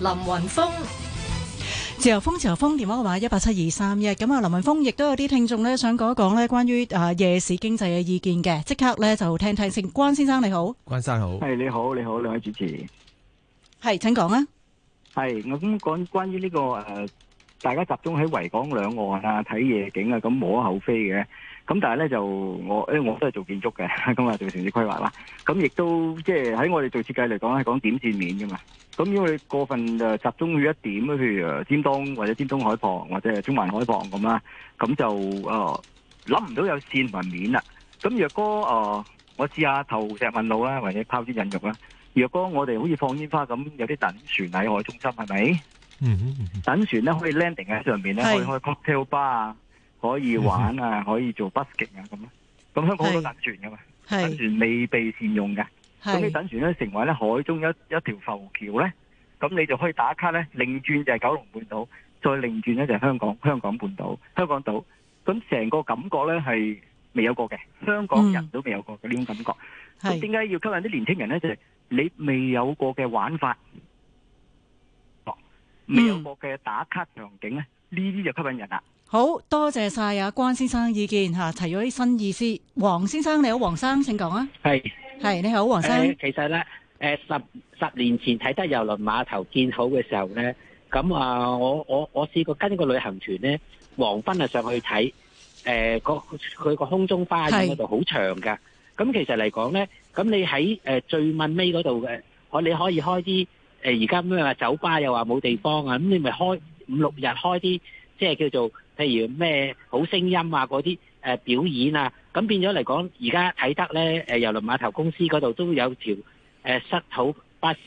林雲峰，自由風自由風，電話號碼一八七二三一。咁啊，林雲峰亦都有啲聽眾咧，想講一講咧關於誒夜市經濟嘅意見嘅，即刻咧就聽聽先。關先生你好，關生好，係你好，你好，兩位主持，係，請講啊。係我咁講關於呢個誒，大家集中喺維港兩岸啊睇夜景啊，咁無可厚非嘅。咁但係咧就我誒我都係做建築嘅，咁啊做城市規劃啦。咁亦都即係喺我哋做設計嚟講，係講點線面噶嘛。咁因為過分集中於一點，譬如尖東或者尖東海傍或者中環海傍咁啊，咁就誒諗唔到有線同埋面啦。咁若果誒、呃、我試下投石問路啦，或者拋磚引玉啦。若果我哋好似放煙花咁，有啲等船喺海中心係咪？嗯嗯、mm hmm。等船咧可以 landing 喺上面咧，可以，是可以開 cocktail bar 啊。可以玩啊，可以做 busking 啊咁啊，咁香港都有躉船噶嘛，跟住未被善用嘅。咁啲躉船咧成為咧海中一一條浮橋咧，咁你就可以打卡咧，擰轉就係九龍半島，再擰轉咧就係香港香港半島香港島，咁成個感覺咧係未有過嘅，香港人都未有過嘅呢種感覺。咁點解要吸引啲年輕人咧？就係你未有過嘅玩法，未有過嘅打卡場景咧，呢啲就吸引人啦。好多謝晒阿關先生意見吓，提咗啲新意思。黃先生你好，黃生，請講啊。係係，你好，黃生。其實咧，誒十十年前睇得郵輪碼頭建好嘅時候咧，咁啊，我我我試過跟個旅行團咧，黃昏啊上去睇，誒個佢個空中花園嗰度好長噶。咁其實嚟講咧，咁你喺誒最尾尾嗰度嘅，我你可以開啲誒而家咩話，酒吧又話冇地方啊，咁你咪開五六日開啲，即係叫做。譬如咩好聲音啊嗰啲誒表演啊，咁變咗嚟講，而家啟德咧誒郵輪碼頭公司嗰度都有條誒濕土巴士誒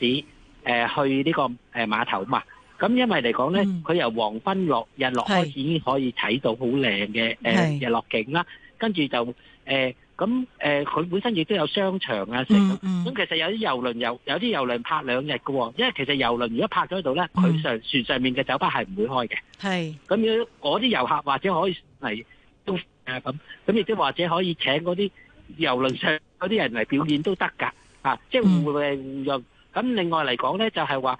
去呢個誒碼頭嘛，咁因為嚟講咧，佢由黃昏落日落開始已經可以睇到好靚嘅誒日落景啦，跟住就誒。咁誒，佢本身亦都有商場啊，成咁。咁其實有啲遊輪有有啲遊輪泊兩日嘅喎，因為其實遊輪如果泊咗喺度咧，佢上船上面嘅酒吧係唔會開嘅。係咁樣，嗰啲遊客或者可以嚟都誒咁。咁亦都或者可以請嗰啲遊輪上嗰啲人嚟表演都得㗎。啊，即係互誒互用。咁另外嚟講咧，就係話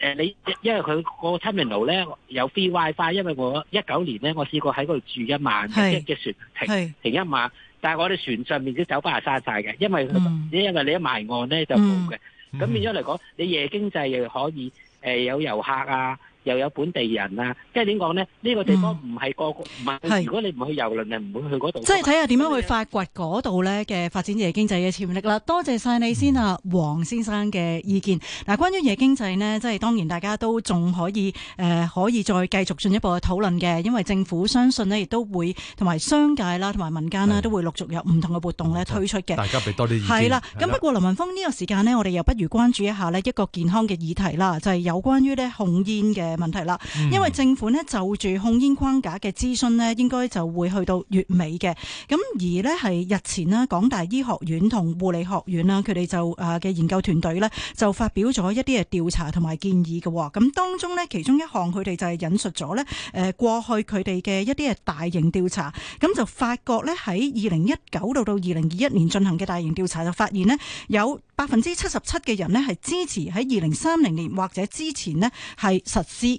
誒，你因為佢個 terminal 咧有 free WiFi，因為我一九年咧，我試過喺嗰度住一晚即船停停一晚。但係我哋船上面啲酒吧係閂晒嘅，因為、嗯、因為你一埋岸咧就冇嘅。咁、嗯嗯、變咗嚟講，你夜經濟又可以、呃、有遊客啊。又有本地人啊，即係點講呢？呢、這個地方唔係個，唔、嗯、如果你唔去遊輪，誒唔會去嗰度。即係睇下點樣去發掘嗰度呢嘅發展夜經濟嘅潛力啦。多謝晒你先啊，黃、嗯、先生嘅意見。嗱、啊，關於夜經濟呢，即係當然大家都仲可以誒、呃，可以再繼續進一步去討論嘅。因為政府相信呢，亦都會同埋商界啦、啊，同埋民間啦、啊，的都會陸續有唔同嘅活動咧推出嘅。大家俾多啲意見。係啦的，咁的不過林文峰呢、這個時間呢，我哋又不如關注一下呢一個健康嘅議題啦，就係、是、有關於呢控煙嘅。嘅問題啦，因為政府咧就住控煙框架嘅諮詢咧，應該就會去到月尾嘅。咁而咧係日前啦，港大醫學院同護理學院啦，佢哋就啊嘅研究團隊咧就發表咗一啲嘅調查同埋建議嘅。咁當中咧其中一項佢哋就係引述咗咧誒過去佢哋嘅一啲嘅大型調查，咁就發覺咧喺二零一九到到二零二一年進行嘅大型調查就發現咧有百分之七十七嘅人呢，係支持喺二零三零年或者之前呢，係實施禁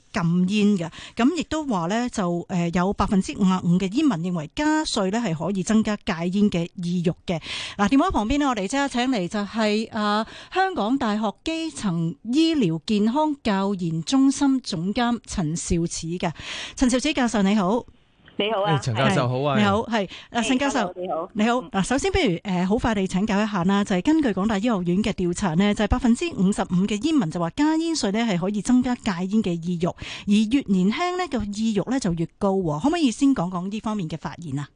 煙嘅，咁亦都話呢，就誒有百分之五十五嘅煙民認為加稅呢，係可以增加戒煙嘅意欲嘅。嗱，電話旁邊呢、就是，我哋即刻請嚟就係啊香港大學基層醫療健康教研中心總監陳肇始嘅，陳肇始教授你好。你好啊，陳教授好啊，你好係，阿陳教授你好，你好。嗱，首先不如誒，好快地請教一下啦，就係、是、根據港大醫學院嘅調查呢，就係百分之五十五嘅煙民就話加煙稅咧係可以增加戒煙嘅意欲，而越年輕呢嘅意欲咧就越高。可唔可以先講講呢方面嘅發現啊？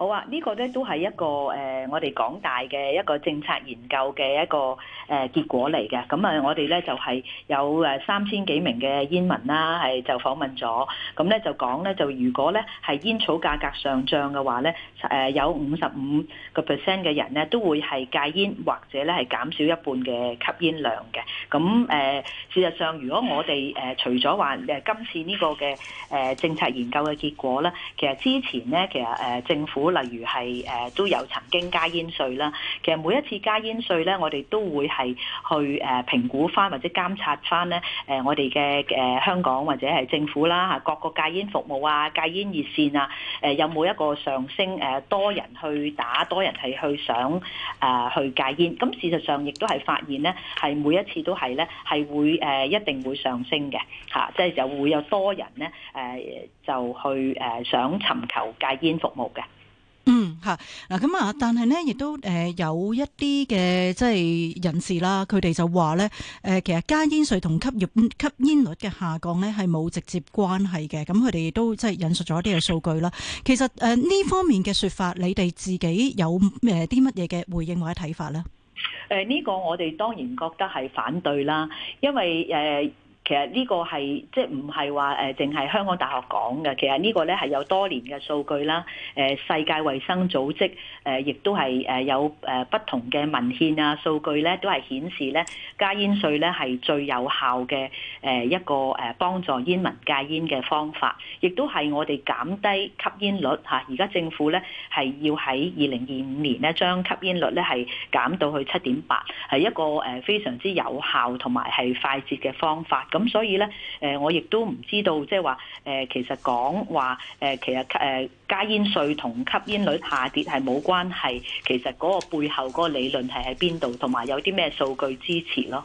好啊，呢個咧都係一個誒，我哋港大嘅一個政策研究嘅一個誒結果嚟嘅。咁啊，我哋咧就係有誒三千幾名嘅煙民啦，係就訪問咗。咁咧就講咧，就如果咧係煙草價格上漲嘅話咧，誒有五十五個 percent 嘅人咧都會係戒煙或者咧係減少一半嘅吸煙量嘅。咁誒事實上，如果我哋誒除咗話誒今次呢個嘅誒政策研究嘅結果咧，其實之前咧其實誒政府，例如係誒都有曾經加煙稅啦，其實每一次加煙稅咧，我哋都會係去誒評估翻或者監察翻咧誒我哋嘅誒香港或者係政府啦嚇各個戒煙服務啊、戒煙熱線啊誒有冇一個上升誒多人去打、多人係去想誒去戒煙。咁事實上亦都係發現咧，係每一次都係咧係會誒一定會上升嘅嚇，即係就會有多人咧誒就去誒想尋求戒煙服務嘅。嗯吓嗱咁啊，但係呢，亦都誒有一啲嘅即係人士啦，佢哋就話咧誒，其實加煙稅同吸入吸煙率嘅下降咧係冇直接關係嘅。咁佢哋亦都即係引述咗一啲嘅數據啦。其實誒呢方面嘅說法，你哋自己有誒啲乜嘢嘅回應或者睇法咧？誒呢、呃呢個我哋當然覺得係反對啦，因為誒。呃其實呢個係即係唔係話誒淨係香港大學講嘅，其實呢個咧係有多年嘅數據啦。誒世界衞生組織誒亦都係誒有誒不同嘅文獻啊數據咧都係顯示咧加煙稅咧係最有效嘅誒一個誒幫助煙民戒煙嘅方法，亦都係我哋減低吸煙率吓。而家政府咧係要喺二零二五年咧將吸煙率咧係減到去七點八，係一個誒非常之有效同埋係快捷嘅方法。咁所以咧，誒我亦都唔知道，即係話，誒其實講話，誒其實誒加煙稅同吸煙率下跌係冇關係，其實嗰個背後嗰個理論係喺邊度，同埋有啲咩數據支持咯？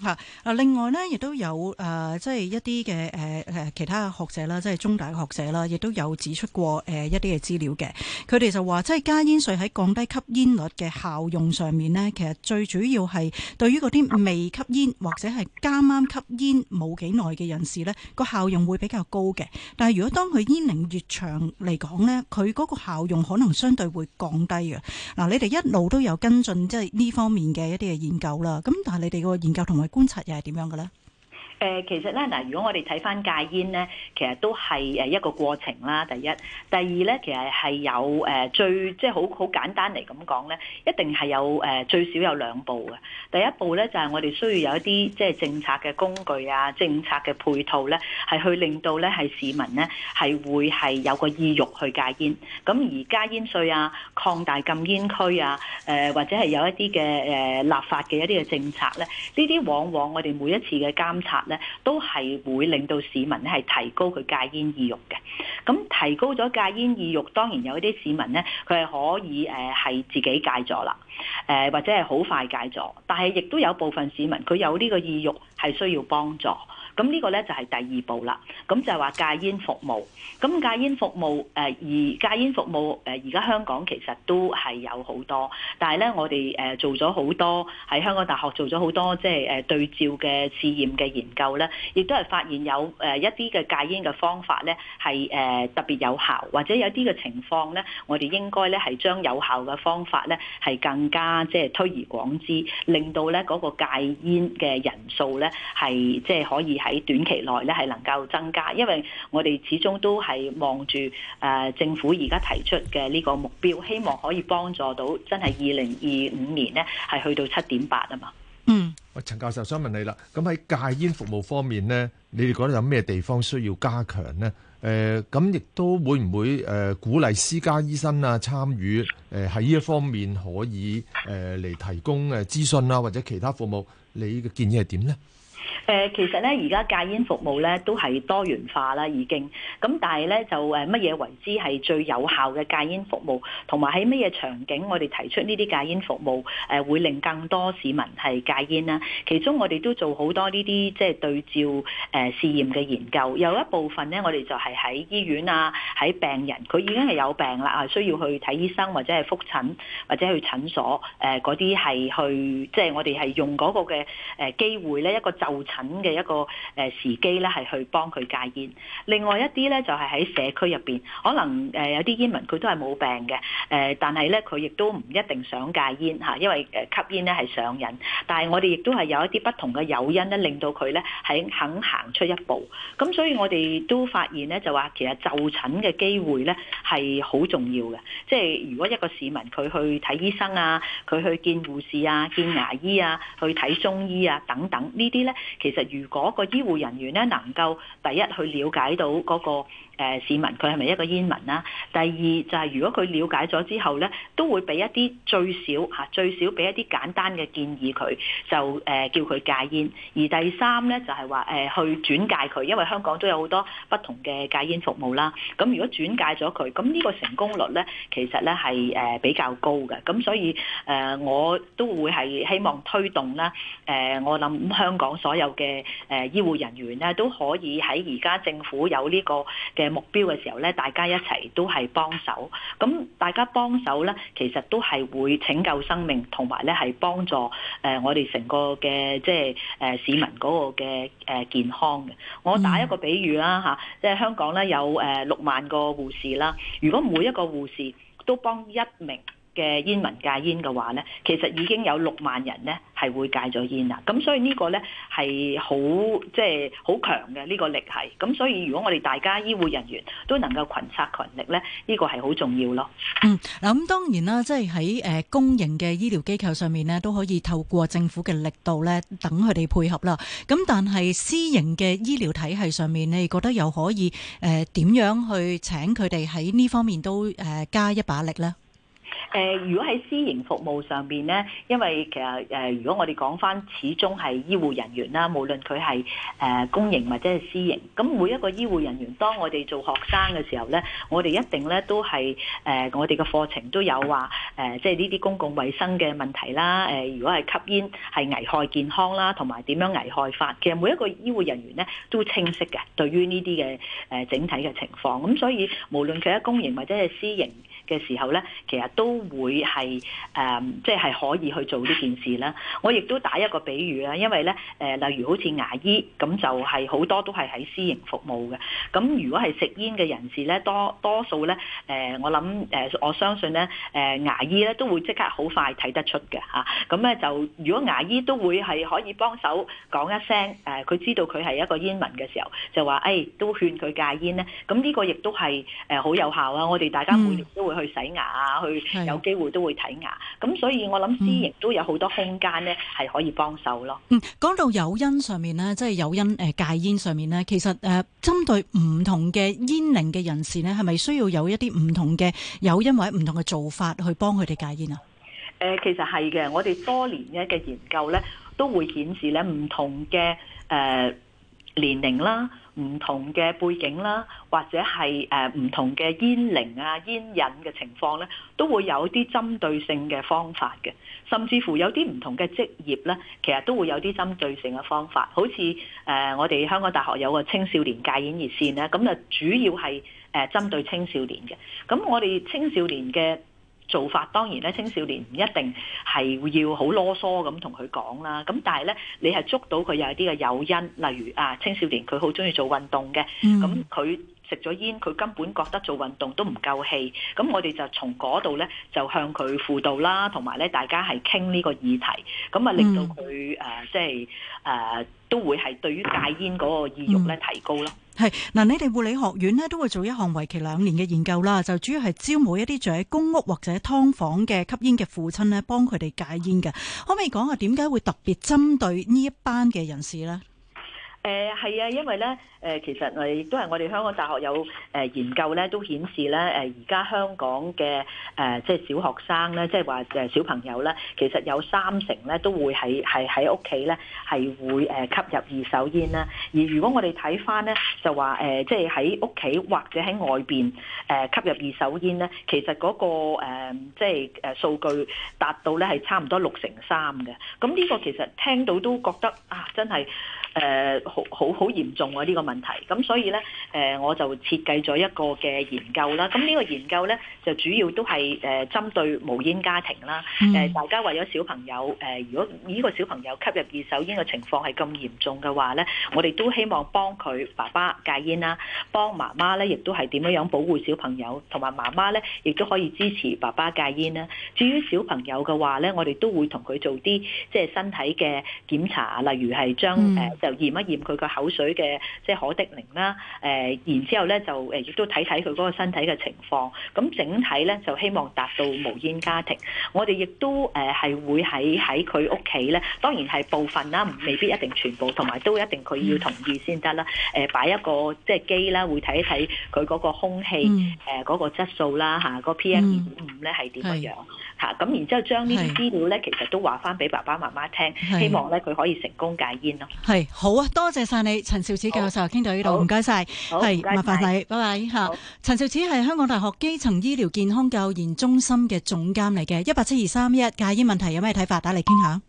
嚇！嗱，另外呢，亦都有誒、呃，即係一啲嘅誒誒其他學者啦，即係中大嘅學者啦，亦都有指出過誒、呃、一啲嘅資料嘅。佢哋就話，即係加煙稅喺降低吸煙率嘅效用上面呢，其實最主要係對於嗰啲未吸煙或者係啱啱吸煙冇幾耐嘅人士呢，個效用會比較高嘅。但係如果當佢煙齡越長嚟講呢，佢嗰個效用可能相對會降低嘅。嗱、呃，你哋一路都有跟進即係呢方面嘅一啲嘅研究啦。咁但係你哋個研究同埋觀察又係點樣嘅咧？誒，其實咧嗱，如果我哋睇翻戒煙咧，其實都係一個過程啦。第一，第二咧，其實係有誒最即係好好簡單嚟咁講咧，一定係有誒最少有兩步嘅。第一步咧，就係我哋需要有一啲即係政策嘅工具啊、政策嘅配套咧，係去令到咧係市民咧係會係有個意欲去戒煙。咁而家煙稅啊、擴大禁煙區啊、誒或者係有一啲嘅誒立法嘅一啲嘅政策咧，呢啲往往我哋每一次嘅監察。都係會令到市民咧係提高佢戒煙意欲嘅，咁提高咗戒煙意欲，當然有一啲市民咧佢係可以誒係自己戒咗啦，誒或者係好快戒咗，但係亦都有部分市民佢有呢個意欲係需要幫助。咁呢個咧就係第二步啦，咁就係話戒煙服務。咁戒煙服務，誒而戒煙服務，誒而家香港其實都係有好多，但係咧我哋誒做咗好多喺香港大學做咗好多即係誒對照嘅試驗嘅研究咧，亦都係發現有誒一啲嘅戒煙嘅方法咧係誒特別有效，或者有啲嘅情況咧，我哋應該咧係將有效嘅方法咧係更加即係推而廣之，令到咧嗰個戒煙嘅人數咧係即係可以係。喺短期內咧，係能夠增加，因為我哋始終都係望住誒政府而家提出嘅呢個目標，希望可以幫助到真係二零二五年呢，係去到七點八啊嘛。嗯，喂，陳教授想問你啦，咁喺戒煙服務方面呢，你哋覺得有咩地方需要加強呢？誒、呃，咁亦都會唔會誒鼓勵私家醫生啊參與？誒喺呢一方面可以誒嚟、呃、提供誒資訊啊或者其他服務？你嘅建議係點呢？誒其實咧，而家戒煙服務咧都係多元化啦，已經咁，但係咧就誒乜嘢為之係最有效嘅戒煙服務，同埋喺乜嘢場景我哋提出呢啲戒煙服務，誒會令更多市民係戒煙啦。其中我哋都做好多呢啲即係對照誒試驗嘅研究，有一部分咧我哋就係喺醫院啊，喺病人佢已經係有病啦啊，需要去睇醫生或者係覆診或者去診所誒嗰啲係去即係、就是、我哋係用嗰個嘅誒機會咧一個就診，嘅一個誒時機咧，係去幫佢戒煙。另外一啲咧，就係喺社區入邊，可能誒有啲煙民佢都係冇病嘅，誒，但係咧佢亦都唔一定想戒煙嚇，因為誒吸煙咧係上癮。但係我哋亦都係有一啲不同嘅誘因咧，令到佢咧係肯行出一步。咁所以我哋都發現咧，就話其實就診嘅機會咧係好重要嘅。即係如果一個市民佢去睇醫生啊，佢去見護士啊、見牙醫啊、去睇中醫啊等等，啊啊啊啊、呢啲咧其實，如果個醫護人員咧能夠第一去了解到嗰、那個。誒市民佢係咪一個煙民啦？第二就係如果佢了解咗之後咧，都會俾一啲最少吓，最少俾一啲簡單嘅建議佢，就誒叫佢戒煙。而第三咧就係話誒去轉介佢，因為香港都有好多不同嘅戒煙服務啦。咁如果轉介咗佢，咁呢個成功率咧其實咧係誒比較高嘅。咁所以誒我都會係希望推動啦。誒我諗香港所有嘅誒醫護人員咧都可以喺而家政府有呢個嘅。目標嘅時候咧，大家一齊都係幫手，咁大家幫手咧，其實都係會拯救生命，同埋咧係幫助誒我哋成個嘅即係誒市民嗰個嘅誒健康嘅。我打一個比喻啦吓，即係香港咧有誒六萬個護士啦，如果每一個護士都幫一名。嘅煙民戒煙嘅話呢，其實已經有六萬人呢係會戒咗煙啦。咁所以呢個呢係好即係好強嘅呢個力係。咁所以如果我哋大家醫護人員都能夠群策群力呢，呢個係好重要咯。嗯，嗱咁當然啦，即係喺誒公營嘅醫療機構上面呢，都可以透過政府嘅力度呢，等佢哋配合啦。咁但係私營嘅醫療體系上面，你覺得又可以誒點樣去請佢哋喺呢方面都誒加一把力呢？誒、呃，如果喺私營服務上邊咧，因為其實誒、呃，如果我哋講翻，始終係醫護人員啦，無論佢係誒公營或者係私營，咁每一個醫護人員，當我哋做學生嘅時候咧，我哋一定咧都係誒、呃，我哋嘅課程都有話誒，即係呢啲公共衞生嘅問題啦。誒、呃，如果係吸煙係危害健康啦，同埋點樣危害法，其實每一個醫護人員咧都清晰嘅，對於呢啲嘅誒整體嘅情況。咁所以無論佢喺公營或者係私營嘅時候咧，其實都都會係誒，即、嗯、係、就是、可以去做呢件事啦。我亦都打一個比喻啦，因為咧誒，例如好似牙醫咁，就係好多都係喺私營服務嘅。咁如果係食煙嘅人士咧，多多數咧誒、呃，我諗誒、呃，我相信咧誒，牙醫咧都會即刻好快睇得出嘅嚇。咁咧就如果牙醫都會係可以幫手講一聲誒，佢、呃、知道佢係一個煙民嘅時候，就話誒、哎、都勸佢戒煙咧。咁呢個亦都係好有效啊！我哋大家每年都會去洗牙啊，去。 有機會都會睇牙，咁所以我諗私營都有好多空間呢係、嗯、可以幫手咯。嗯，講到誘因上面呢，即係誘因誒、呃、戒煙上面呢，其實誒、呃、針對唔同嘅煙齡嘅人士呢，係咪需要有一啲唔同嘅誘因或者唔同嘅做法去幫佢哋戒煙啊？誒、呃，其實係嘅，我哋多年嘅嘅研究呢，都會顯示咧唔同嘅誒、呃、年齡啦。唔同嘅背景啦，或者係誒唔同嘅煙齡啊、煙癮嘅情況咧，都會有啲針對性嘅方法嘅，甚至乎有啲唔同嘅職業咧，其實都會有啲針對性嘅方法。好似誒我哋香港大學有個青少年戒煙熱線咧，咁啊主要係誒針對青少年嘅。咁我哋青少年嘅。做法當然咧，青少年唔一定係要好囉嗦咁同佢講啦。咁但係咧，你係捉到佢有一啲嘅誘因，例如啊，青少年佢好鍾意做運動嘅，咁佢、嗯。食咗煙，佢根本覺得做運動都唔夠氣。咁我哋就從嗰度呢，就向佢輔導啦，同埋咧大家係傾呢個議題，咁啊令到佢誒、嗯呃、即係誒、呃、都會係對於戒煙嗰個意欲咧、嗯、提高咯。係。嗱，你哋護理學院呢，都會做一項為期兩年嘅研究啦，就主要係招募一啲住喺公屋或者劏房嘅吸煙嘅父親呢，幫佢哋戒煙嘅。可唔可以講下點解會特別針對呢一班嘅人士呢？誒係、呃、啊，因為咧，誒、呃、其實係亦都係我哋香港大學有誒、呃、研究咧，都顯示咧，誒而家香港嘅誒即係小學生咧，即係話誒小朋友咧，其實有三成咧都會係係喺屋企咧係會誒吸入二手煙啦。而如果我哋睇返咧，就話誒即係喺屋企或者喺外邊誒、呃、吸入二手煙咧，其實嗰、那個即係誒數據達到咧係差唔多六成三嘅。咁呢個其實聽到都覺得啊，真係～誒、呃，好好好嚴重啊！呢個問題，咁所以呢，誒、呃，我就設計咗一個嘅研究啦。咁呢個研究呢，就主要都係誒針對無煙家庭啦。誒、呃，大家為咗小朋友，誒、呃，如果呢個小朋友吸入二手煙嘅情況係咁嚴重嘅話呢，我哋都希望幫佢爸爸戒煙啦，幫媽媽呢，亦都係點樣樣保護小朋友，同埋媽媽呢，亦都可以支持爸爸戒煙啦。至於小朋友嘅話呢，我哋都會同佢做啲即係身體嘅檢查，例如係將誒。嗯就驗一驗佢個口水嘅即係可的靈啦，誒然之後咧就誒亦都睇睇佢嗰個身體嘅情況，咁整體咧就希望達到無煙家庭。我哋亦都誒係會喺喺佢屋企咧，當然係部分啦，未必一定全部，同埋都一定佢要要同意先得啦。誒擺一個即係機啦，會睇一睇佢嗰個空氣誒嗰個質素啦嚇，個 PM2.5 咧係點樣樣。嗯咁然之後將呢啲資料咧，其實都話翻俾爸爸媽媽聽，是希望咧佢可以成功戒煙咯。係好啊！多謝晒你，陳肇始教授傾好到呢度，唔該晒，係麻煩你，謝謝拜拜嚇。陳肇始係香港大學基層醫療健康教研中心嘅總監嚟嘅，一八七二三一戒煙問題有咩睇法？打嚟傾下。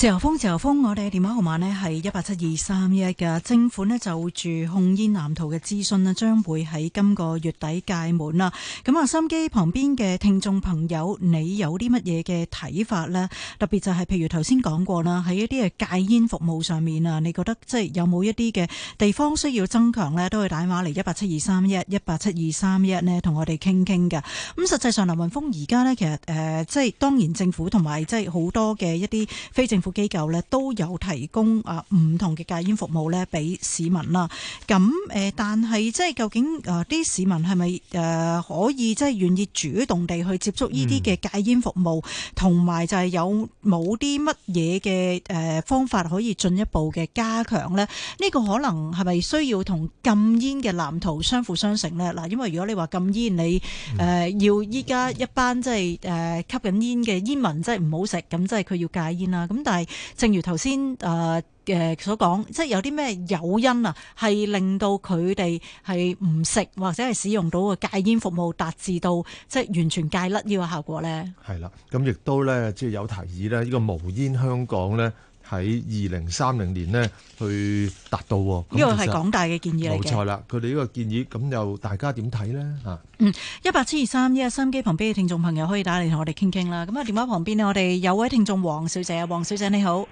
自由風，自由風，我哋嘅電話號碼呢係一八七二三一嘅。政府呢就住控煙藍圖嘅諮詢呢，將會喺今個月底屆滿啦。咁啊，心機旁邊嘅聽眾朋友，你有啲乜嘢嘅睇法呢？特別就係、是、譬如頭先講過啦，喺一啲嘅戒煙服務上面啊，你覺得即係有冇一啲嘅地方需要增強呢？都可以打電話嚟一八七二三一、一八七二三一呢，同我哋傾傾嘅。咁實際上，林雲峰而家呢，其實誒、呃，即係當然政府同埋即係好多嘅一啲非政府。機構咧都有提供啊唔同嘅戒煙服務咧，俾市民啦。咁誒，但係即係究竟誒啲市民係咪誒可以即係願意主動地去接觸呢啲嘅戒煙服務，同埋就係有冇啲乜嘢嘅誒方法可以進一步嘅加強咧？呢個可能係咪需要同禁煙嘅藍圖相輔相成咧？嗱，因為如果你話禁煙，你誒要依家一班即係誒吸緊煙嘅煙民不好吃，即係唔好食，咁即係佢要戒煙啦。咁但係正如頭先誒誒所講，即係有啲咩誘因啊，係令到佢哋係唔食或者係使用到個戒煙服務，達至到即係完全戒甩呢個效果咧？係啦，咁亦都咧，即係有提議啦。呢個無煙香港咧。喺二零三零年呢去達到。呢個係港大嘅建議嚟嘅。冇錯啦，佢哋呢個建議，咁又大家點睇呢？嚇，嗯，一八七二三，一，個收音機旁邊嘅聽眾朋友可以打嚟同我哋傾傾啦。咁啊，電話旁邊呢，我哋有位聽眾王小姐啊，王小姐你好，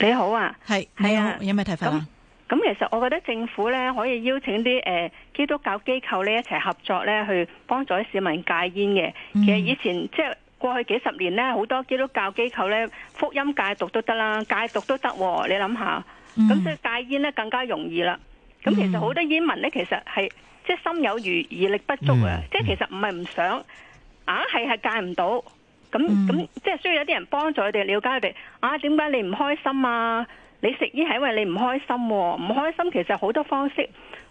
你好啊，係係啊，有咩睇法？咁、啊、其實我覺得政府呢可以邀請啲誒、呃、基督教機構呢一齊合作呢去幫助啲市民戒煙嘅。其實以前即係。過去幾十年咧，好多基督教機構咧，福音戒毒都得啦，戒毒都得，你諗下，咁所以戒煙咧更加容易啦。咁、嗯、其實好多煙民咧，其實係即係心有馀而力不足啊，嗯、即係其實唔係唔想，啊，係係戒唔到。咁咁即係需要有啲人幫助佢哋，了解佢哋。啊，點解你唔開心啊？你食煙係因為你唔開心、啊，唔開心其實好多方式。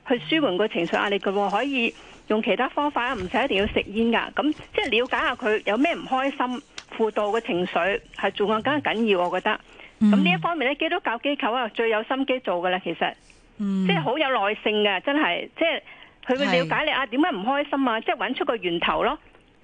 去舒緩個情緒壓力，佢可以用其他方法啊，唔使一定要食煙噶。咁即係了解下佢有咩唔開心，輔導嘅情緒係仲更加緊要，我覺得。咁呢、嗯、一方面咧，基督教機構啊，最有心機做噶啦，其實，嗯、即係好有耐性嘅，真係，即係佢會了解你啊，點解唔開心啊，即係揾出個源頭咯，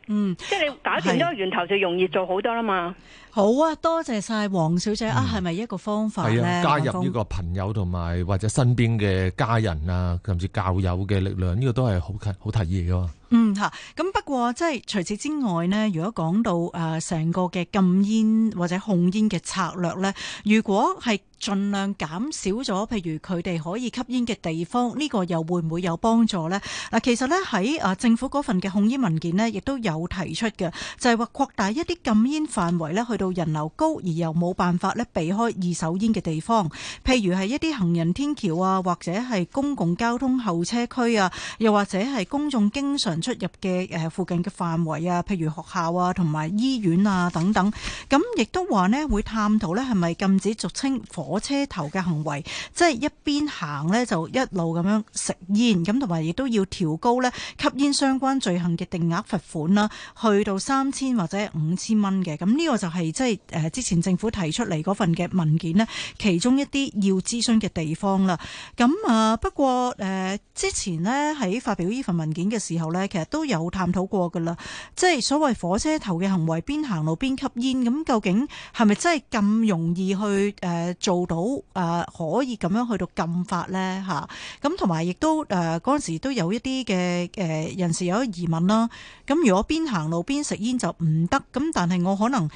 嗯，即係你搞掂咗個源頭就容易做好多啦嘛。好啊，多謝晒黃小姐、嗯、啊，係咪一個方法咧？係啊，加入呢個朋友同埋或者身邊嘅家人啊，甚至教友嘅力量，呢、這個都係好好提議噶、啊。嗯吓，咁、啊、不過即係除此之外呢，如果講到誒成、呃、個嘅禁煙或者控煙嘅策略呢，如果係盡量減少咗，譬如佢哋可以吸煙嘅地方，呢、這個又會唔會有幫助呢？嗱、啊，其實呢，喺、啊、政府嗰份嘅控煙文件呢，亦都有提出嘅，就係、是、話擴大一啲禁煙範圍呢。去到。人流高而又冇辦法咧避開二手煙嘅地方，譬如係一啲行人天橋啊，或者係公共交通候車區啊，又或者係公眾經常出入嘅誒附近嘅範圍啊，譬如學校啊，同埋醫院啊等等。咁亦都話咧會探討咧係咪禁止俗稱火車頭嘅行為，即係一邊行咧就一路咁樣食煙。咁同埋亦都要調高咧吸煙相關罪行嘅定額罰款啦，去到三千或者五千蚊嘅。咁呢個就係。即係誒，之前政府提出嚟嗰份嘅文件呢，其中一啲要諮詢嘅地方啦。咁啊，不過誒、呃，之前呢，喺發表呢份文件嘅時候呢，其實都有探討過噶啦。即係所謂火車頭嘅行為，邊行路邊吸煙，咁究竟係咪真係咁容易去誒做到？誒、呃，可以咁樣去到禁法呢？吓、啊，咁同埋亦都誒，嗰、呃、陣時都有一啲嘅誒人士有啲疑問啦。咁如果邊行路邊食煙就唔得，咁但係我可能。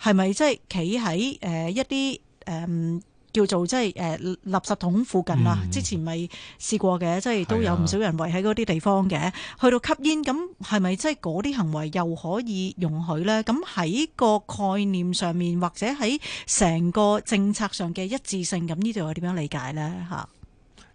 係咪即係企喺誒一啲誒，呃、叫做即係誒垃圾桶附近啊？嗯、之前咪試過嘅，即係都有唔少人圍喺嗰啲地方嘅，的去到吸煙。咁係咪即係嗰啲行為又可以容許咧？咁喺個概念上面，或者喺成個政策上嘅一致性，咁呢度又點樣理解咧？嚇？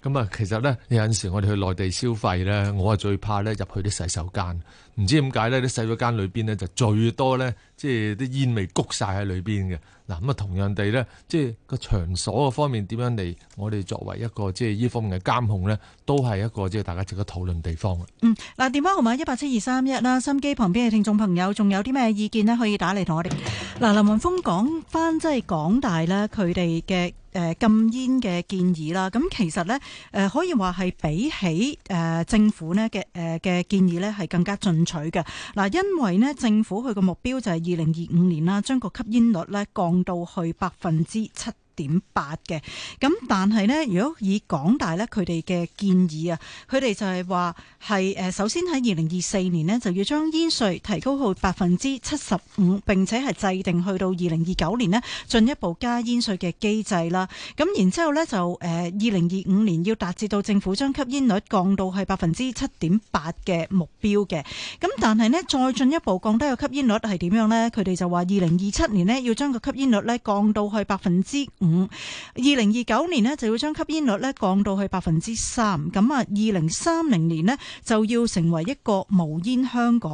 咁啊，其實咧，有陣時我哋去內地消費咧，我係最怕咧入去啲洗手間，唔知點解咧啲洗手間裏邊咧就最多咧，即係啲煙味谷晒喺裏邊嘅。嗱咁啊，同樣地咧，即係個場所嘅方面點樣嚟？我哋作為一個即係依方面嘅監控咧，都係一個即係大家值得討論地方嘅。嗯，嗱電話號碼一八七二三一啦，1, 心機旁邊嘅聽眾朋友仲有啲咩意見呢？可以打嚟同我哋。嗱林文峰講翻即係港大咧，佢哋嘅。誒禁煙嘅建議啦，咁其實呢，誒可以話係比起誒政府呢嘅誒嘅建議呢，係更加進取嘅嗱，因為呢政府佢個目標就係二零二五年啦，將個吸煙率呢降到去百分之七。點八嘅，咁但係呢，如果以港大咧佢哋嘅建議啊，佢哋就係話係誒首先喺二零二四年呢，就要將煙稅提高到百分之七十五，並且係制定去到二零二九年呢，進一步加煙稅嘅機制啦。咁然之後呢，就誒二零二五年要達至到政府將吸煙率降到去百分之七點八嘅目標嘅。咁但係呢，再進一步降低個吸煙率係點樣呢？佢哋就話二零二七年呢，要將個吸煙率呢降到去百分之。五二零二九年呢，就要將吸煙率咧降到去百分之三，咁啊二零三零年呢，就要成為一個無煙香港。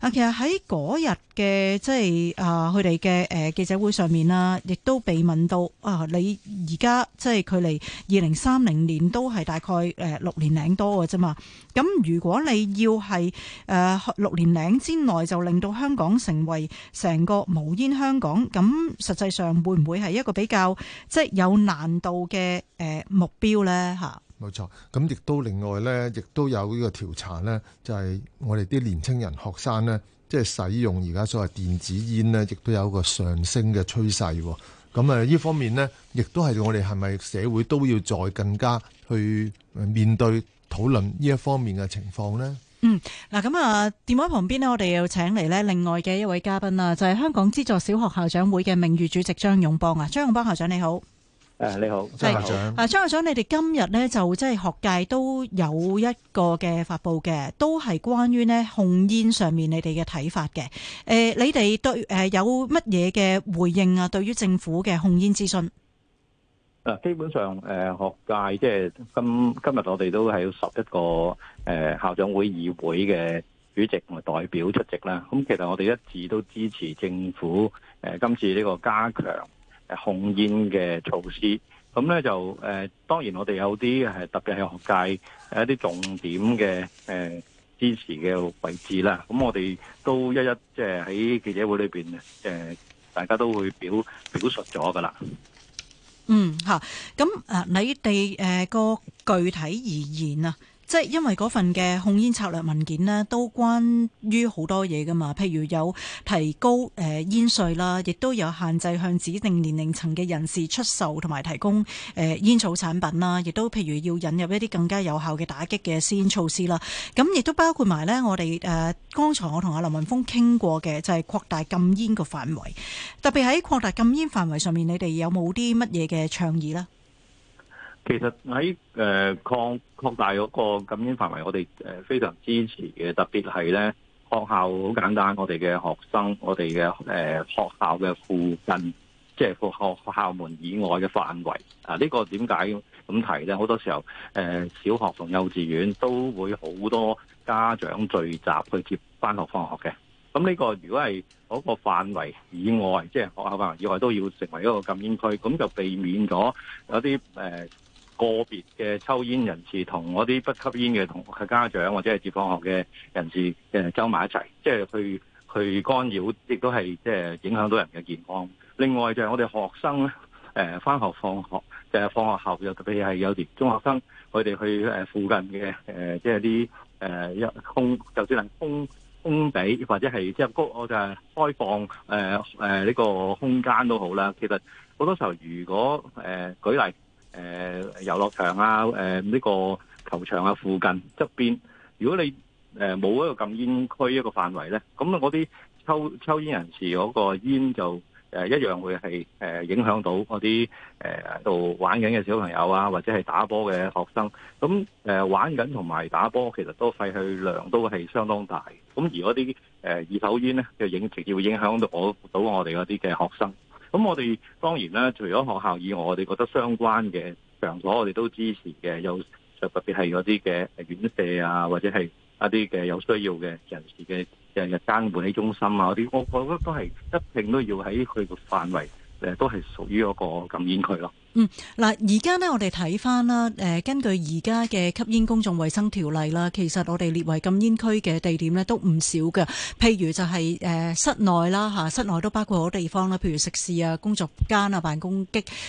啊，其實喺嗰日嘅即係啊佢哋嘅誒記者會上面啊，亦都被問到啊，你而家即係距離二零三零年都係大概誒、呃、六年零多嘅啫嘛。咁如果你要係誒、呃、六年零之內就令到香港成為成個無煙香港，咁實際上會唔會係一個比較？即係有難度嘅誒目標咧吓，冇錯。咁亦都另外咧，亦都有呢個調查咧，就係我哋啲年青人學生咧，即係使用而家所謂電子煙咧，亦都有一個上升嘅趨勢。咁誒呢方面咧，亦都係我哋係咪社會都要再更加去面對討論呢一方面嘅情況咧？嗯嗱，咁啊，電話旁邊呢我哋又請嚟呢另外嘅一位嘉賓啦，就係、是、香港資助小學校長會嘅名譽主席張勇邦啊。張勇邦校長你好，誒你好，張校長。誒，張校長，你哋今日呢就即係、就是、學界都有一個嘅發布嘅，都係關於呢控煙上面你哋嘅睇法嘅。誒，你哋對誒有乜嘢嘅回應啊？對於政府嘅控煙諮詢。嗱，基本上，誒學界即係今今日我哋都係十一個誒校長會議會嘅主席同埋代表出席啦。咁其實我哋一致都支持政府誒今次呢個加強控煙嘅措施。咁咧就誒當然我哋有啲係特別係學界一啲重點嘅誒支持嘅位置啦。咁我哋都一一即係喺記者會裏面，誒，大家都會表表述咗噶啦。嗯嚇，咁誒，你哋誒，個具體而言啊？即係因為嗰份嘅控煙策略文件呢，都關於好多嘢噶嘛。譬如有提高誒煙稅啦，亦都有限制向指定年齡層嘅人士出售同埋提供誒煙草產品啦，亦都譬如要引入一啲更加有效嘅打擊嘅私煙措施啦。咁亦都包括埋呢，我哋誒剛才我同阿林雲峰傾過嘅，就係擴大禁煙個範圍。特別喺擴大禁煙範圍上面，你哋有冇啲乜嘢嘅倡議呢？其實喺誒擴擴大嗰個禁煙範圍，我哋誒非常支持嘅。特別係咧學校好簡單，我哋嘅學生，我哋嘅誒學校嘅附近，即係學校校門以外嘅範圍啊。呢個點解咁提咧？好多時候誒小學同幼稚園都會好多家長聚集去接翻學放學嘅。咁呢個如果係嗰個範圍以外，即係學校範圍以外都要成為一個禁煙區，咁就避免咗有啲誒。個別嘅抽煙人士同我啲不吸煙嘅同學嘅家長或者係接放學嘅人士，誒走埋一齊，即係去去干擾，亦都係即係影響到人嘅健康。另外就係我哋學生誒返學放學就係放學後，又特別係有啲中學生佢哋去誒附近嘅誒，即係啲誒一空，就算能空空地或者係即係高，我就係開放誒誒呢個空間都好啦。其實好多時候，如果誒舉例。誒，遊樂、呃、場啊，誒、呃、呢、這個球場啊附近側邊，如果你誒冇、呃、一個禁煙區一個範圍咧，咁啊我啲抽抽煙人士嗰個煙就誒、呃、一樣會係誒、呃、影響到我啲誒喺度玩緊嘅小朋友啊，或者係打波嘅學生，咁誒、呃、玩緊同埋打波其實都廢去量都係相當大，咁而嗰啲誒二手煙咧，就影直接影響到我到我哋嗰啲嘅學生。咁我哋當然啦，除咗學校以外，我哋覺得相關嘅場所我哋都支持嘅，又就特別係嗰啲嘅院舍啊，或者係一啲嘅有需要嘅人士嘅日日間護理中心啊嗰啲，我覺得都係一定都要喺佢個範圍，誒都係屬於嗰個禁煙區咯。嗯，嗱，而家咧，我哋睇翻啦，誒，根據而家嘅吸煙公眾衛生條例啦，其實我哋列為禁煙區嘅地點咧都唔少嘅。譬如就係誒室內啦，吓，室內都包括好多地方啦，譬如食肆啊、工作間啊、辦公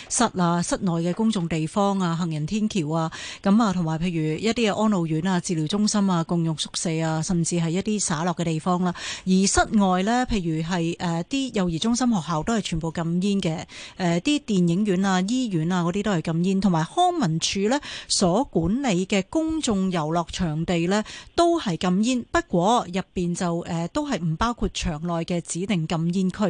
室啊、室內嘅公眾地方啊、行人天橋啊，咁啊，同埋譬如一啲嘅安老院啊、治療中心啊、共用宿舍啊，甚至係一啲灑落嘅地方啦。而室外咧，譬如係誒啲幼兒中心、學校都係全部禁煙嘅，誒、呃、啲電影院啊、醫院啊，嗰啲都係禁煙，同埋康文署咧所管理嘅公眾遊樂場地咧都係禁煙。不過入邊就誒、呃、都係唔包括場內嘅指定禁煙區。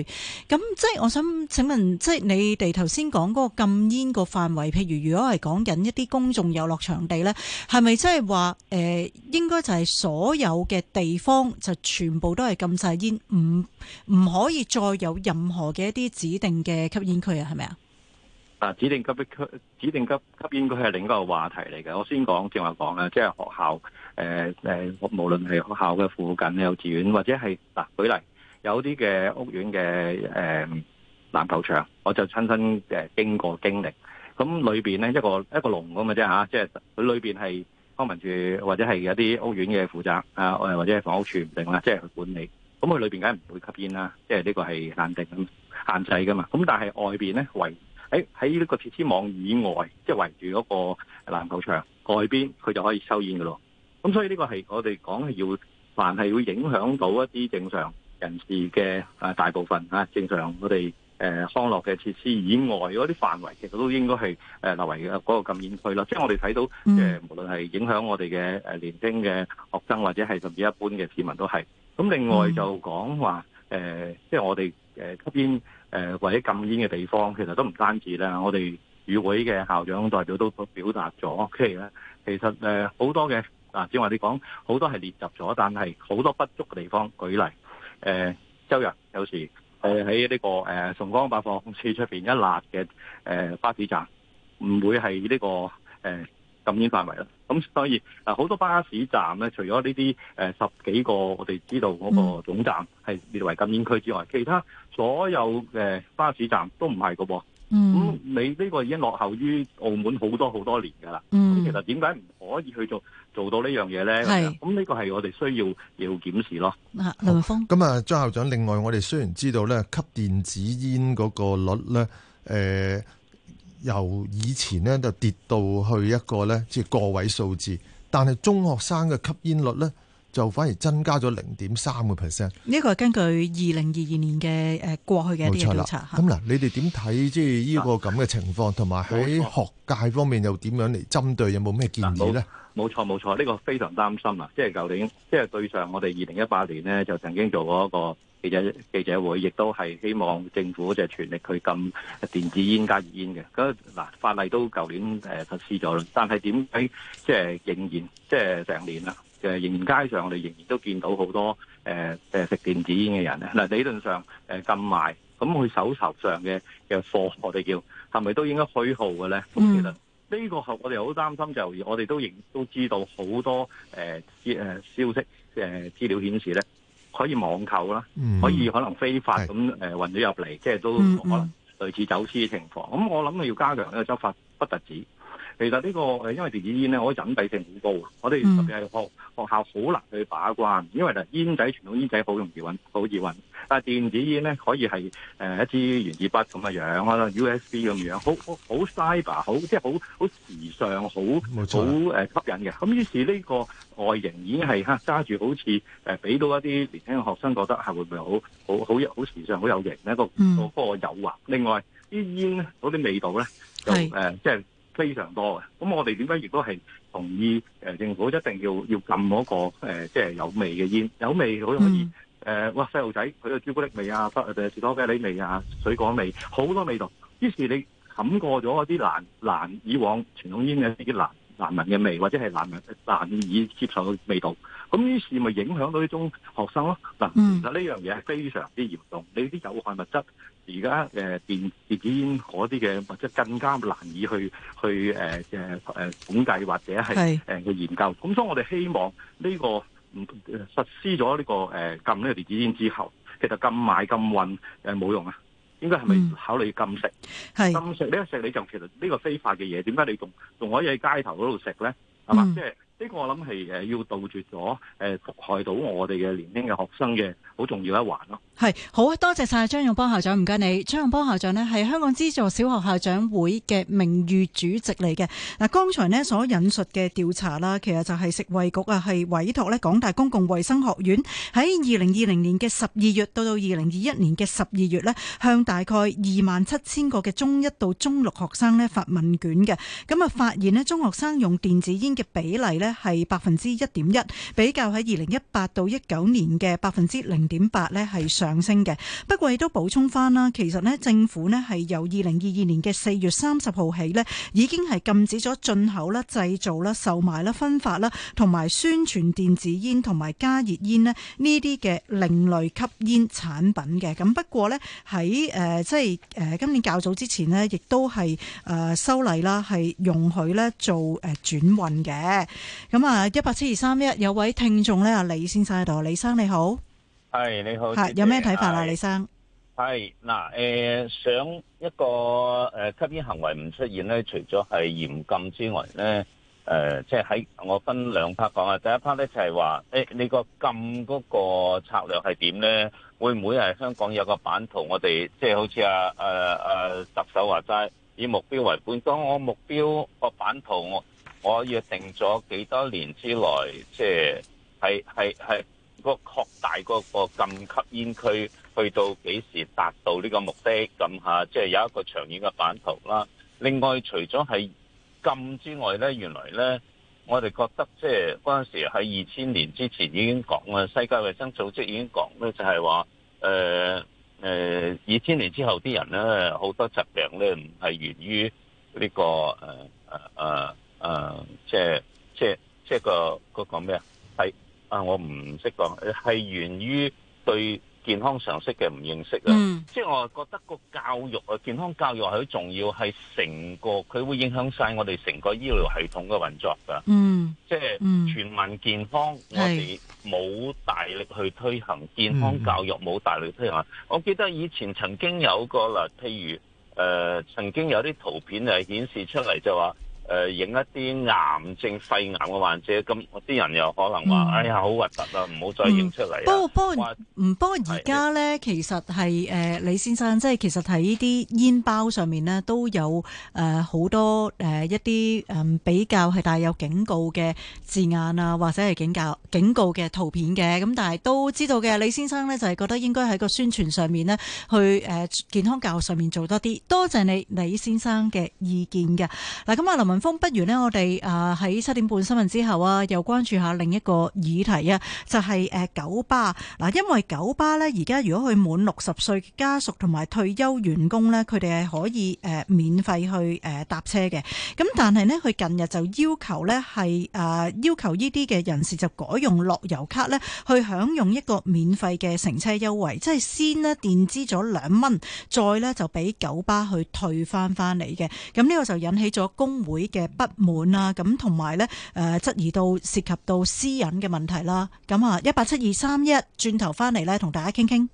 咁即係我想請問，即係你哋頭先講嗰個禁煙個範圍，譬如如果係講緊一啲公眾遊樂場地咧，係咪即係話誒應該就係所有嘅地方就全部都係禁晒煙，唔唔可以再有任何嘅一啲指定嘅吸煙區啊？係咪啊？嗱，指定吸嘅區，指定吸吸煙區，佢係另一個話題嚟嘅。我先講正話講啦，即係學校誒誒，無論係學校嘅附近幼稚園，或者係嗱，舉例有啲嘅屋苑嘅誒籃球場，我就親身嘅經過經歷。咁裏邊咧一個一個籠咁嘅啫嚇，即係佢裏邊係康民處或者係有啲屋苑嘅負責啊誒，或者係房屋處唔定啦，即係去管理咁，佢裏邊梗係唔會吸煙啦，即係呢個係限定咁限制噶嘛。咁但係外邊咧圍。喺喺呢個設施網以外，即係圍住嗰個籃球場外邊佢就可以抽煙㗎咯。咁所以呢個係我哋講係要，凡係會影響到一啲正常人士嘅誒大部分正常我哋誒康樂嘅設施以外嗰啲範圍，其實都應該係誒留為嗰個禁煙區咯。即係我哋睇到嘅、呃，無論係影響我哋嘅誒年輕嘅學生，或者係甚至一般嘅市民都係。咁另外就講話誒，即係我哋誒吸誒為咗禁煙嘅地方，其實都唔單止啦。我哋與會嘅校長代表都表達咗，OK 啦。其實誒好多嘅嗱，正話你講好多係列入咗，但係好多不足嘅地方。舉例誒，週日有時誒喺呢個誒崇光百貨公司出邊一攤嘅誒巴士站，唔會係呢個誒。禁煙範圍啦，咁所以啊好多巴士站咧，除咗呢啲誒十幾個我哋知道嗰個總站係、嗯、列為禁煙區之外，其他所有嘅巴士站都唔係嘅噃。嗯，咁你呢個已經落後於澳門好多好多年㗎啦。嗯，咁其實點解唔可以去做做到呢樣嘢咧？係，咁呢個係我哋需要要檢視咯。啊，林峰。咁啊、哦，張校長，另外我哋雖然知道咧吸電子煙嗰個率咧，誒、欸。由以前咧就跌到去一個咧即係個位數字，但係中學生嘅吸煙率咧。就反而增加咗零點三個 percent。呢個係根據二零二二年嘅誒過去嘅一啲調查嚇。咁嗱，是你哋點睇即係呢個咁嘅情況，同埋喺學界方面又點樣嚟針對？有冇咩建議咧？冇錯冇錯，呢、這個非常擔心啊！即係舊年，即、就、係、是、對上我哋二零一八年咧，就曾經做過一個記者記者會，亦都係希望政府就全力去禁電子煙加熱煙嘅。咁嗱，法例都舊年誒實施咗啦，但係點睇即係仍然即係成年啦。仍然街上，我哋仍然都見到好多誒誒、呃、食電子煙嘅人咧。嗱理論上誒禁賣，咁、呃、佢手頭上嘅嘅貨我，我哋叫係咪都應該取號嘅咧？咁、mm hmm. 其實呢個係我哋好擔心就，就我哋都認都知道好多誒誒、呃呃、消息誒、呃、資料顯示咧，可以網購啦，mm hmm. 可以可能非法咁誒運咗入嚟，mm hmm. 即係都可能類似走私嘅情況。咁我諗佢要加強呢個執法，不特止。其實呢、這個因為電子煙咧，我隱蔽性好高我哋特別係學學校好難去把關，因為就煙仔傳統煙仔好容易揾好易揾但係電子煙咧可以係、呃、一支原子筆咁嘅樣啦，USB 咁樣，好好好 cyber 好即係好好時尚，好好吸引嘅。咁、啊、於是呢個外形已經係揸住好似誒，俾、啊、到一啲年輕嘅學生覺得係會唔會好好好好時尚，好有型咧？個個個誘惑。另外啲煙咧，嗰啲味道咧，就是、呃、即係。非常多嘅，咁我哋點解亦都係同意政府一定要要禁嗰、嗰個、呃、即係有味嘅煙，有味好容易誒、嗯呃，哇細路仔佢嘅朱古力味啊，誒士多啤梨味啊，水果味好多味道，於是你冚過咗嗰啲難難以往傳統煙嘅啲難。難聞嘅味，或者係難聞難以接受嘅味道，咁於是咪影響到呢種學生咯？嗱，其實呢樣嘢係非常之嚴重。你啲、嗯、有害物質，而家誒電電子煙嗰啲嘅物質更加難以去去誒誒誒統計或者係誒嘅研究。咁所以我哋希望呢、呢個實施咗呢、呢個誒、呃、禁呢個電子煙之後，其實禁買禁運誒冇、呃、用啊！應該係咪考慮禁食？嗯、係禁食呢一食你就其實呢個非法嘅嘢，點解你仲仲可以喺街頭嗰度食咧？係嘛、嗯，即係。就是呢個我諗係誒要杜絕咗誒毒害到我哋嘅年輕嘅學生嘅好重要一環咯。係好啊！多謝晒張勇邦校長，唔該你。張勇邦校長咧係香港資助小學校長會嘅名譽主席嚟嘅。嗱，剛才咧所引述嘅調查啦，其實就係食衛局啊，係委託咧港大公共衛生學院喺二零二零年嘅十二月到到二零二一年嘅十二月咧，向大概二萬七千個嘅中一到中六學生咧發問卷嘅。咁啊，發現咧中學生用電子煙嘅比例咧。係百分之一點一，比較喺二零一八到一九年嘅百分之零點八呢係上升嘅。不過亦都補充翻啦，其實咧政府呢係由二零二二年嘅四月三十號起呢已經係禁止咗進口啦、製造啦、售賣啦、分發啦同埋宣傳電子煙同埋加熱煙咧呢啲嘅另類吸煙產品嘅。咁不過呢，喺誒即係誒今年較早之前呢，亦都係誒修例啦，係容許呢做誒轉運嘅。咁啊，一八七二三一有位聽眾咧，阿李先生喺度，李生你好，係你好，係有咩睇法啊，李生？係嗱，誒，想一個誒吸煙行為唔出現咧，除咗係嚴禁之外咧，誒，即係喺我分兩 part 講啊，第一 part 咧就係話，誒，你個禁嗰個策略係點咧？會唔會係香港有個版圖？我哋即係好似啊，誒誒，特首話齋以目標為本，當我目標個版圖我。我約定咗幾多年之內，即係係係係個擴大嗰個禁吸煙區，去到幾時達到呢個目的咁嚇？即係有一個長遠嘅版圖啦。另外，除咗係禁之外呢，原來呢，我哋覺得即係嗰陣時喺二千年之前已經講啦，世界衛生組織已經講呢，就係話誒誒，二千年之後啲人呢，好多疾病呢唔係源於呢個誒誒、呃呃誒、呃，即係即係即係、個個講咩啊？係啊、呃，我唔識講，係源於對健康常識嘅唔認識啊！嗯、即係我覺得個教育啊，健康教育係好重要，係成個佢會影響晒我哋成個醫療系統嘅運作噶。嗯，即係、嗯、全民健康，是我哋冇大力去推行健康教育，冇大力去推行。嗯、我記得以前曾經有個啦，譬如誒、呃，曾經有啲圖片係顯示出嚟就話。誒影、呃、一啲癌症、肺癌嘅患者，咁啲人又可能話、嗯、哎呀，好核突啊！唔好再影出嚟。不過，哇不，不過唔不過，而家咧，其實係誒李先生，即、呃、係是其實喺啲煙包上面咧，都有誒好、呃、多誒、呃、一啲誒比較係帶有警告嘅字眼啊，或者係警告警告嘅圖片嘅。咁但係都知道嘅，李先生咧就係、是、覺得應該喺個宣傳上面咧，去誒、呃、健康教育上面做多啲。多謝你李先生嘅意見嘅。嗱，咁啊，林文。不如呢，我哋啊喺七點半新聞之後啊，又關注下另一個議題啊，就係誒九巴嗱，因為九巴呢，而家如果佢滿六十歲嘅家屬同埋退休員工呢，佢哋係可以免費去搭車嘅。咁但係呢，佢近日就要求呢，係啊要求呢啲嘅人士就改用樂悠卡呢，去享用一個免費嘅乘車優惠，即係先呢墊資咗兩蚊，再呢就俾九巴去退翻翻嚟嘅。咁呢個就引起咗工會嘅不滿啊，咁同埋咧，誒質疑到涉及到私隱嘅問題啦。咁啊，一八七二三一轉頭返嚟咧，同大家傾傾。